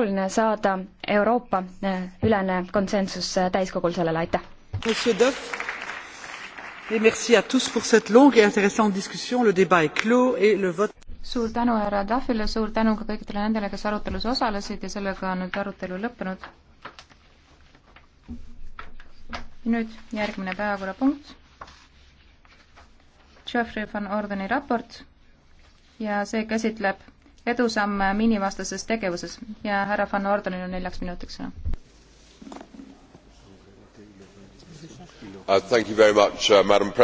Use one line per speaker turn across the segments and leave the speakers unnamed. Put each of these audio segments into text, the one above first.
oluline saada Euroopa eh, ülene konsensus eh, täiskogul sellele, aitäh!
suur tänu härra Tahvile, suur tänu ka kõikidele nendele, kes arutelus osalesid ja sellega on nüüd arutelu lõppenud. nüüd järgmine päevakorrapunkt. Geoffrey van Ordeni raport ja see käsitleb edusamme miinivastases tegevuses ja härra Van Ordenil on neljaks minutiks sõna.
Uh, uh,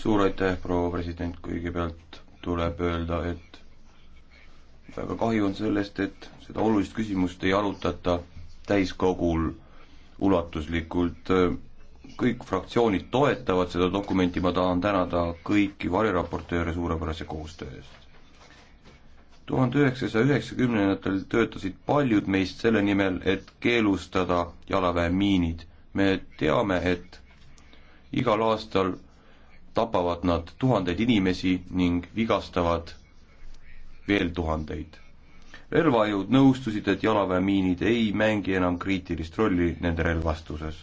suur aitäh, proua president, kõigepealt tuleb öelda, et väga kahju on sellest, et seda olulist küsimust ei arutata täiskogul ulatuslikult. kõik fraktsioonid toetavad seda dokumenti, ma tahan tänada kõiki variraportööre suurepärase koostöö eest tuhande üheksasaja üheksakümnendatel töötasid paljud meist selle nimel, et keelustada jalaväemiinid. me teame, et igal aastal tapavad nad tuhandeid inimesi ning vigastavad veel tuhandeid. relvajõud nõustusid, et jalaväemiinid ei mängi enam kriitilist rolli nende relvastuses.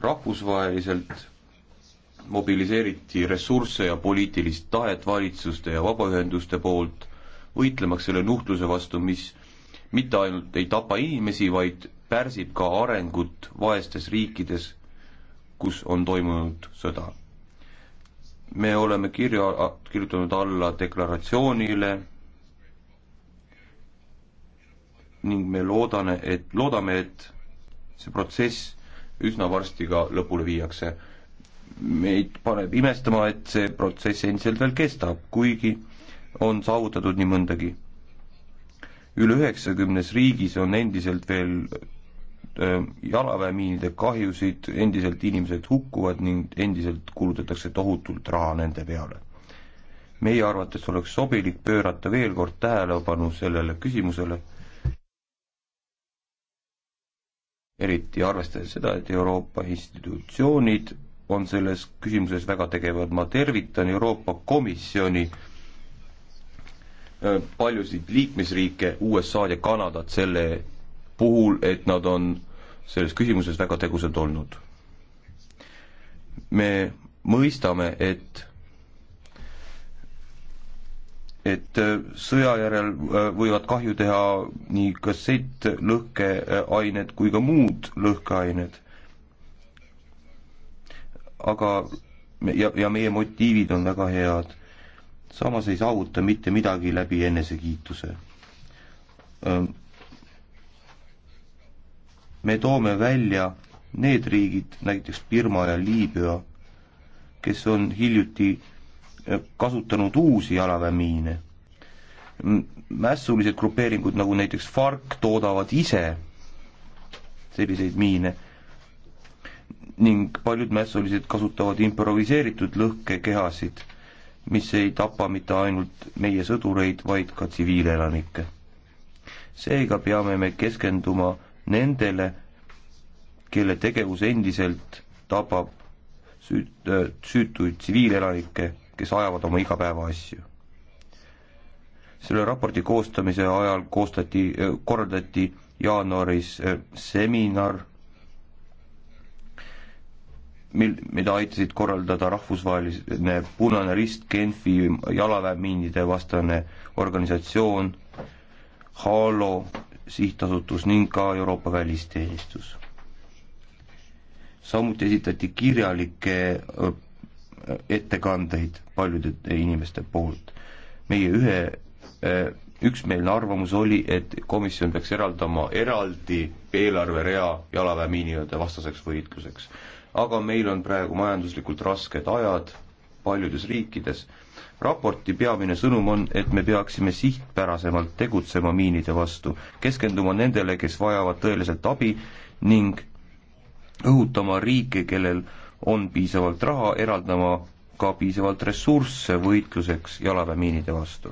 rahvusvaheliselt mobiliseeriti ressursse ja poliitilist tahet valitsuste ja vabaühenduste poolt, võitlemaks selle nuhtluse vastu, mis mitte ainult ei tapa inimesi, vaid pärsib ka arengut vaestes riikides, kus on toimunud sõda. me oleme kirja, kirjutanud alla deklaratsioonile ning me loodane, et, loodame, et see protsess üsna varsti ka lõpule viiakse meid paneb imestama, et see protsess endiselt veel kestab, kuigi on saavutatud nii mõndagi. üle üheksakümnes riigis on endiselt veel jalaväemiinide kahjusid, endiselt inimesed hukkuvad ning endiselt kulutatakse tohutult raha nende peale. meie arvates oleks sobilik pöörata veel kord tähelepanu sellele küsimusele, eriti arvestades seda, et Euroopa institutsioonid on selles küsimuses väga tegevad, ma tervitan Euroopa Komisjoni äh, paljusid liikmesriike, USA-d ja Kanadat selle puhul, et nad on selles küsimuses väga tegusad olnud. me mõistame, et et äh, sõja järel äh, võivad kahju teha nii kassettlõhkeained kui ka muud lõhkeained aga ja, ja meie motiivid on väga head. samas ei saavuta mitte midagi läbi enesekiituse. me toome välja need riigid, näiteks Birma ja Liibüa, kes on hiljuti kasutanud uusi jalaväemiine. mässulised grupeeringud, nagu näiteks FARC, toodavad ise selliseid miine ning paljud mässulised kasutavad improviseeritud lõhkekehasid, mis ei tapa mitte ainult meie sõdureid, vaid ka tsiviilelanikke. seega peame me keskenduma nendele, kelle tegevus endiselt tabab süüt-, süütuid tsiviilelanikke, kes ajavad oma igapäevaasju. selle raporti koostamise ajal koostati, korraldati jaanuaris seminar mil-, mida aitasid korraldada rahvusvaheline Punane Rist, Genfi jalaväemiinide vastane organisatsioon, Halo sihtasutus ning ka Euroopa Välisteenistus. samuti esitati kirjalikke ettekandeid paljude inimeste poolt. meie ühe üksmeelne arvamus oli, et komisjon peaks eraldama eraldi eelarverea jalaväemiinide vastaseks võitluseks. aga meil on praegu majanduslikult rasked ajad paljudes riikides. raporti peamine sõnum on, et me peaksime sihtpärasemalt tegutsema miinide vastu, keskenduma nendele, kes vajavad tõeliselt abi ning õhutama riike, kellel on piisavalt raha, eraldama ka piisavalt ressursse võitluseks jalaväemiinide vastu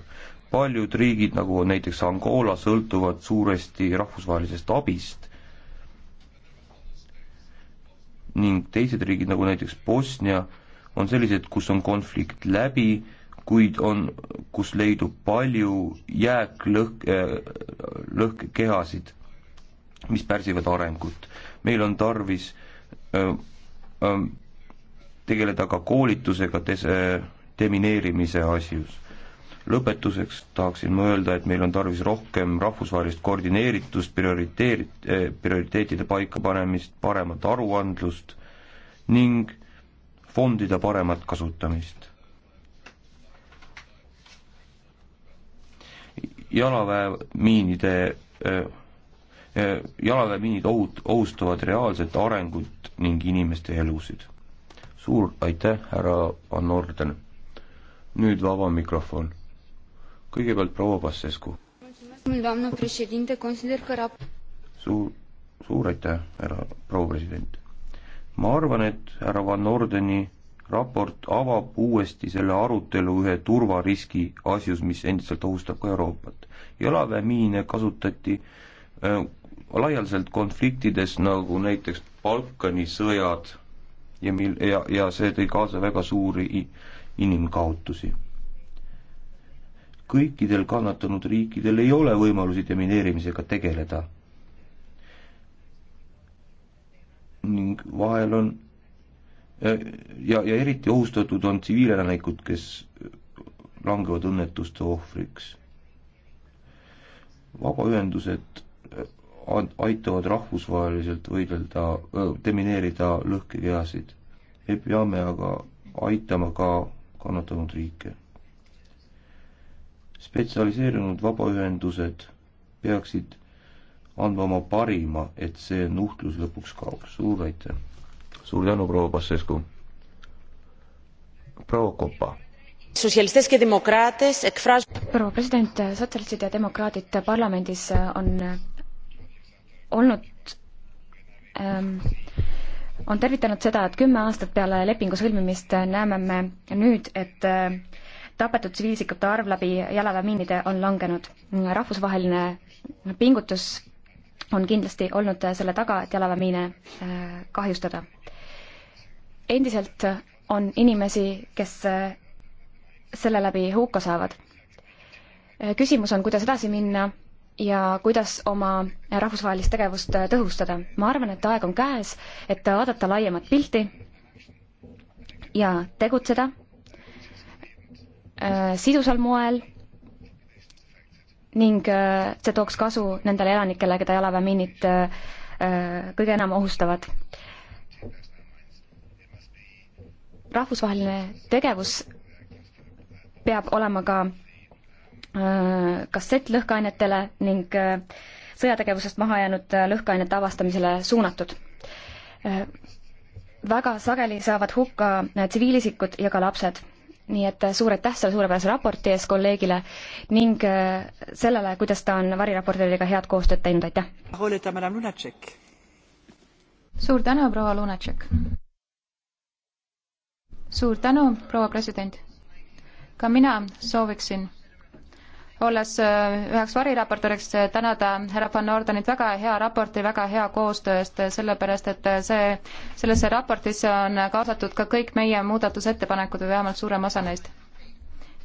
paljud riigid, nagu näiteks Angola, sõltuvad suuresti rahvusvahelisest abist ning teised riigid, nagu näiteks Bosnia, on sellised, kus on konflikt läbi, kuid on, kus leidub palju jääklõhk, äh, lõhkekehasid, mis pärsivad arengut. meil on tarvis öö, äh, öö, äh, tegeleda ka koolitusega des-, demineerimise asjus lõpetuseks tahaksin ma öelda, et meil on tarvis rohkem rahvusvahelist koordineeritust, prioriteerit- eh,, prioriteetide paikapanemist, paremat aruandlust ning fondide paremat kasutamist. jalaväemiinide eh,, eh, jalaväemiinid ohut-, ohustavad reaalset arengut ning inimeste elusid. suur aitäh, härra Van Orden! nüüd vaba mikrofon kõigepealt proua Passescu. suur, suur aitäh, härra proua president. ma arvan, et härra Van Ordeni raport avab uuesti selle arutelu ühe turvariski asjus, mis endiselt ohustab ka Euroopat. jalaväemiine kasutati äh, laialdaselt konfliktides, nagu näiteks Balkani sõjad ja mil-, ja, ja see tõi kaasa väga suuri inimkaotusi kõikidel kannatanud riikidel ei ole võimalusi demineerimisega tegeleda. ning vahel on ja, ja eriti ohustatud on tsiviilelanikud, kes langevad õnnetuste ohvriks. vabaühendused äh, aitavad rahvusvaheliselt võidelda, äh, demineerida lõhkekehasid. me peame aga aitama ka kannatanud riike spetsialiseerunud vabaühendused peaksid andma oma parima, et see nuhtlus lõpuks kaoks. suur aitäh! suur tänu, proua Passescu! proua Kopa!
proua president, sotsialistid ja demokraadid parlamendis on olnud ähm, on tervitanud seda, et kümme aastat peale lepingu sõlmimist näeme me nüüd, et äh, tapetud tsiviilisikute arv läbi jalaväemiinide on langenud. rahvusvaheline pingutus on kindlasti olnud selle taga, et jalaväemiine äh, kahjustada. endiselt on inimesi, kes äh, selle läbi hukka saavad. Äh, küsimus on, kuidas edasi minna ja kuidas oma rahvusvahelist tegevust tõhustada. ma arvan, et aeg on käes, et vaadata laiemat pilti ja tegutseda Äh, sidusal moel ning äh, see tooks kasu nendele elanikele, keda jalaväemiinid äh, kõige enam ohustavad. rahvusvaheline tegevus peab olema ka kassett lõhkeainetele ning sõjategevusest maha jäänud lõhkeainete avastamisele suunatud. väga sageli saavad hukka tsiviilisikud ja ka lapsed nii et äh, suur aitäh selle suurepärase raporti eest kolleegile ning äh, sellele, kuidas ta on variraportööridega head koostööd teinud, aitäh! suur tänu, proua Lunatšek!
suur tänu, proua president! ka mina sooviksin olles äh, üheks variraportööriks, tänada härra Van Ordenit väga hea raporti, väga hea koostöö eest, sellepärast et see, sellesse raportisse on kaasatud ka kõik meie muudatusettepanekud või vähemalt suurem osa neist.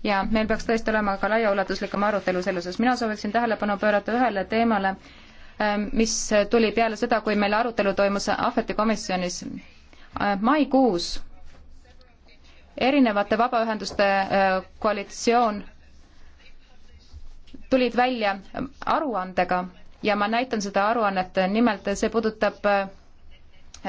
ja meil peaks tõesti olema ka laiaulatuslikum arutelu selle osas. mina sooviksin tähelepanu pöörata ühele teemale, ähm, mis tuli peale seda, kui meil arutelu toimus Ahveti komisjonis. Äh, maikuus erinevate vabaühenduste äh, koalitsioon tulid välja aruandega ja ma näitan seda aruannet, nimelt see puudutab öö,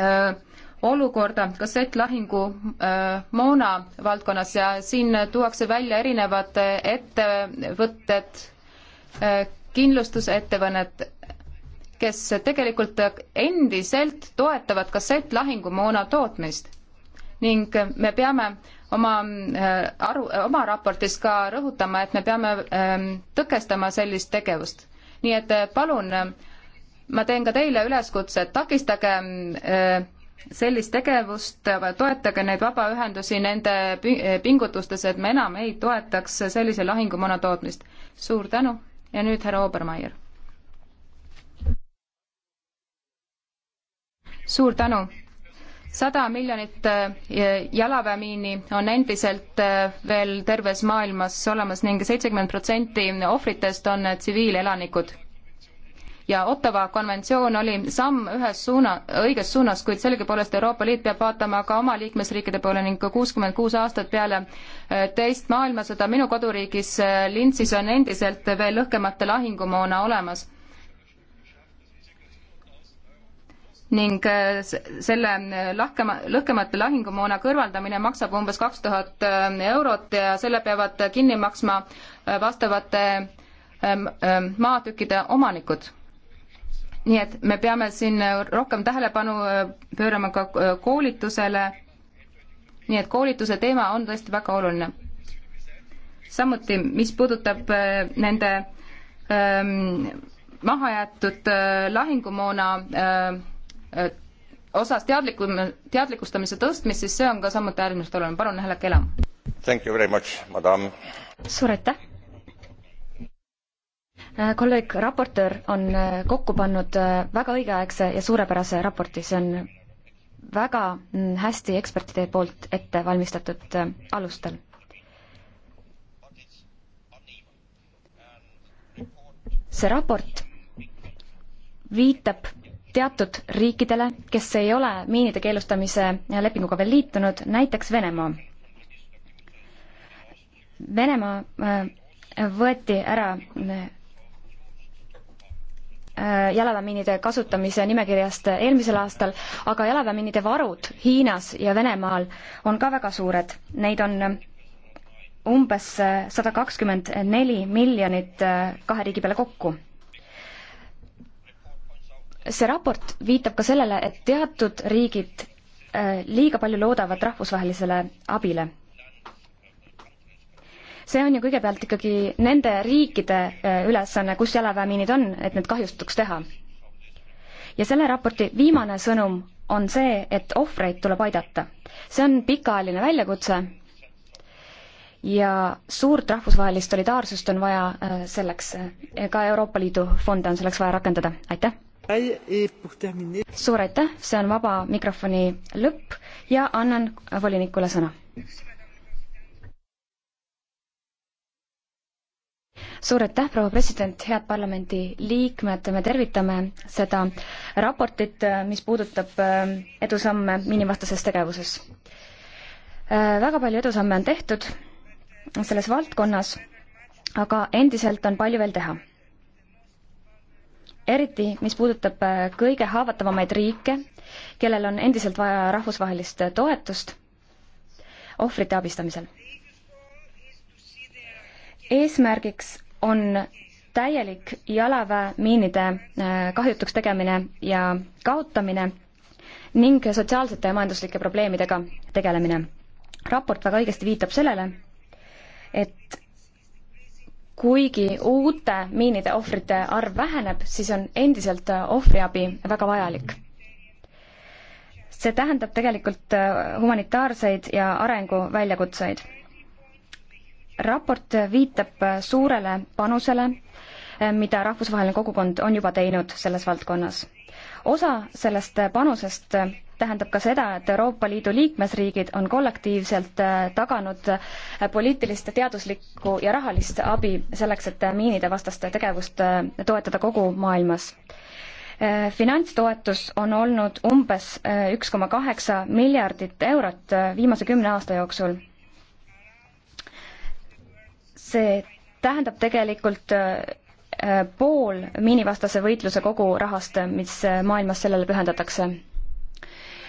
äh, olukorda kassettlahingu äh, moona valdkonnas ja siin tuuakse välja erinevad ettevõtted, äh, kindlustusettevõtted, kes tegelikult endiselt toetavad kassettlahingumoona tootmist ning me peame oma äh, aru, äh, oma raportis ka rõhutama, et me peame ähm, tõkestama sellist tegevust. nii et äh, palun, ma teen ka teile üleskutse, et takistage sellist tegevust, toetage neid vabaühendusi nende pingutustes, et me enam ei toetaks sellise lahingumoona tootmist. suur tänu ja nüüd härra Obermeier. suur tänu sada miljonit eh, jalaväemiini on endiselt eh, veel terves maailmas olemas ning seitsekümmend protsenti ohvritest on tsiviilelanikud. ja Ottawa konventsioon oli samm ühes suuna, õiges suunas, kuid sellegipoolest Euroopa Liit peab vaatama ka oma liikmesriikide poole ning kuuskümmend kuus aastat peale eh, teist maailmasõda minu koduriigis Lintsis on endiselt veel lõhkemata lahingumoona olemas ning äh, selle äh, lahkema, lõhkematu lahingumoona kõrvaldamine maksab umbes kaks tuhat äh, eurot ja selle peavad kinni maksma vastavate ähm, ähm, maatükkide omanikud. nii et me peame siin rohkem tähelepanu pöörama ka koolitusele, nii et koolituse teema on tõesti väga oluline. samuti, mis puudutab nende ähm, mahajäetud lahingumoona öö, osas teadlikum, teadlikustamise tõstmist, siis see on ka samuti äärmiselt oluline. palun, Helek Elam.
Thank you very much, madam.
suur aitäh. Äh, kolleeg raportöör on äh, kokku pannud äh, väga õigeaegse ja suurepärase raporti, see on väga mm, hästi ekspertide poolt ette valmistatud alustel. see raport viitab teatud riikidele, kes ei ole miinide keelustamise lepinguga veel liitunud, näiteks Venemaa. Venemaa äh, võeti ära äh, jalaväemiinide kasutamise nimekirjast eelmisel aastal, aga jalaväemiinide varud Hiinas ja Venemaal on ka väga suured. Neid on äh, umbes sada kakskümmend neli miljonit kahe riigi peale kokku see raport viitab ka sellele, et teatud riigid äh, liiga palju loodavad rahvusvahelisele abile. see on ju kõigepealt ikkagi nende riikide äh, ülesanne, kus jalaväemiinid on, et need kahjustuks teha. ja selle raporti viimane sõnum on see, et ohvreid tuleb aidata. see on pikaajaline väljakutse ja suurt rahvusvahelist solidaarsust on vaja äh, selleks, ka Euroopa Liidu fonde on selleks vaja rakendada, aitäh! suur aitäh, see on vaba mikrofoni lõpp ja annan volinikule sõna. suur aitäh, proua president, head parlamendi liikmed, me tervitame seda raportit, mis puudutab äh, edusamme miinivastases tegevuses. Äh, väga palju edusamme on tehtud selles valdkonnas, aga endiselt on palju veel teha eriti mis puudutab äh, kõige haavatavamaid riike, kellel on endiselt vaja rahvusvahelist äh, toetust ohvrite abistamisel. eesmärgiks on täielik jalaväemiinide äh, kahjutuks tegemine ja kaotamine ning sotsiaalsete ja majanduslike probleemidega tegelemine. raport väga õigesti viitab sellele, et kuigi uute miinide ohvrite arv väheneb, siis on endiselt äh, ohvriabi väga vajalik. see tähendab tegelikult äh, humanitaarseid ja arenguväljakutseid. raport viitab äh, suurele panusele, mida rahvusvaheline kogukond on juba teinud selles valdkonnas. osa sellest panusest tähendab ka seda, et Euroopa Liidu liikmesriigid on kollektiivselt äh, taganud äh, poliitilist, teaduslikku ja rahalist abi selleks, et äh, miinide vastast tegevust toetada kogu maailmas finantstoetus on olnud umbes üks koma kaheksa miljardit eurot viimase kümne aasta jooksul. see tähendab tegelikult pool miinivastase võitluse kogu rahast, mis maailmas sellele pühendatakse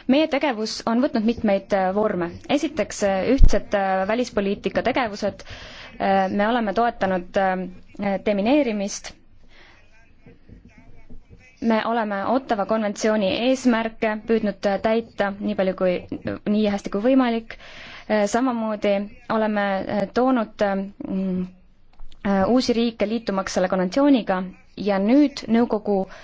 meie tegevus on võtnud mitmeid äh, vorme. esiteks äh, ühtsed äh, välispoliitika tegevused, me oleme toetanud demineerimist, me oleme Ottawa konventsiooni eesmärke püüdnud täita nii palju kui, nii hästi kui võimalik, samamoodi oleme toonud mm, uusi riike liitumaks selle konventsiooniga ja nüüd nõukogu äh,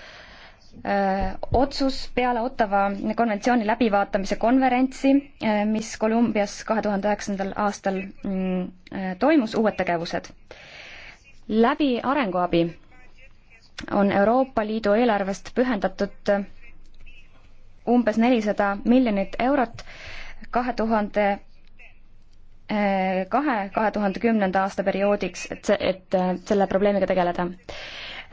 Äh, otsus peale Ottawa konventsiooni läbivaatamise konverentsi, äh, mis Kolumbias kahe tuhande üheksandal aastal mm, äh, toimus, uued tegevused. läbi arenguabi on Euroopa Liidu eelarvest pühendatud umbes nelisada miljonit eurot kahe tuhande kahe, kahe tuhande kümnenda aasta perioodiks, et see, et selle probleemiga tegeleda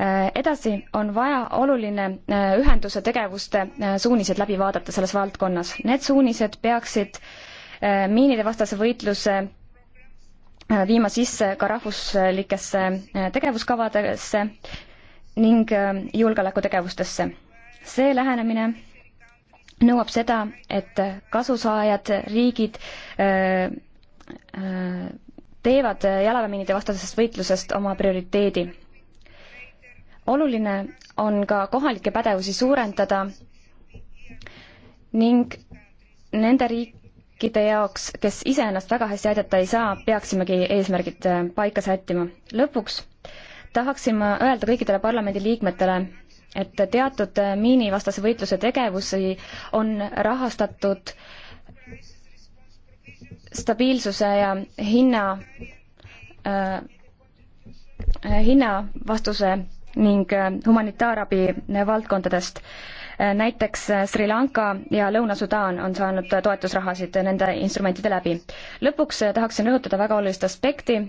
Äh, edasi on vaja oluline äh, ühenduse tegevuste äh, suunised läbi vaadata selles valdkonnas. Need suunised peaksid miinide vastase võitluse viima sisse ka rahvuslikesse tegevuskavadesse ning julgeolekutegevustesse. see lähenemine nõuab seda, et kasusaajad, riigid teevad jalaväemiinide vastasest võitlusest oma prioriteedi oluline on ka kohalikke pädevusi suurendada ning nende riikide jaoks, kes ise ennast väga hästi aidata ei saa, peaksimegi eesmärgid äh, paika sättima. lõpuks tahaksin ma öelda kõikidele parlamendiliikmetele, et teatud äh, miinivastase võitluse tegevusi on rahastatud stabiilsuse ja hinna äh,, hinnavastuse ning äh, humanitaarabi valdkondadest. Äh, näiteks äh, Sri Lanka ja Lõuna-Sudaan on saanud toetusrahasid nende instrumentide läbi. lõpuks tahaksin rõhutada väga olulist aspekti,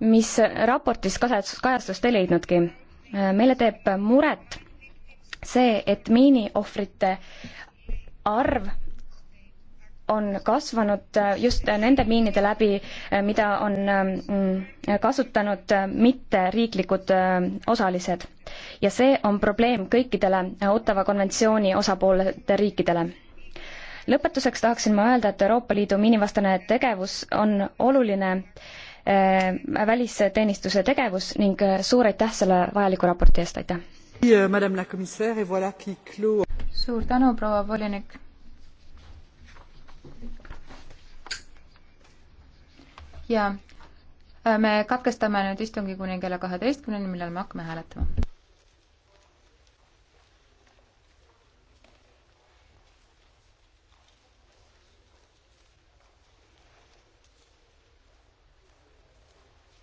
mis raportis kajastust ei leidnudki. meile teeb muret see, et miiniohvrite arv on kasvanud just nende miinide läbi, mida on mm, kasutanud mitteriiklikud mm, osalised. ja see on probleem kõikidele Ottawa konventsiooni osapoolte riikidele. lõpetuseks tahaksin ma öelda, et Euroopa Liidu miinivastane tegevus on oluline eh, välisteenistuse tegevus ning suur aitäh selle vajaliku raporti eest, aitäh!
suur tänu, proua volinik! ja äh, me katkestame nüüd istungi kuni kella kaheteistkümneni, millal me hakkame hääletama.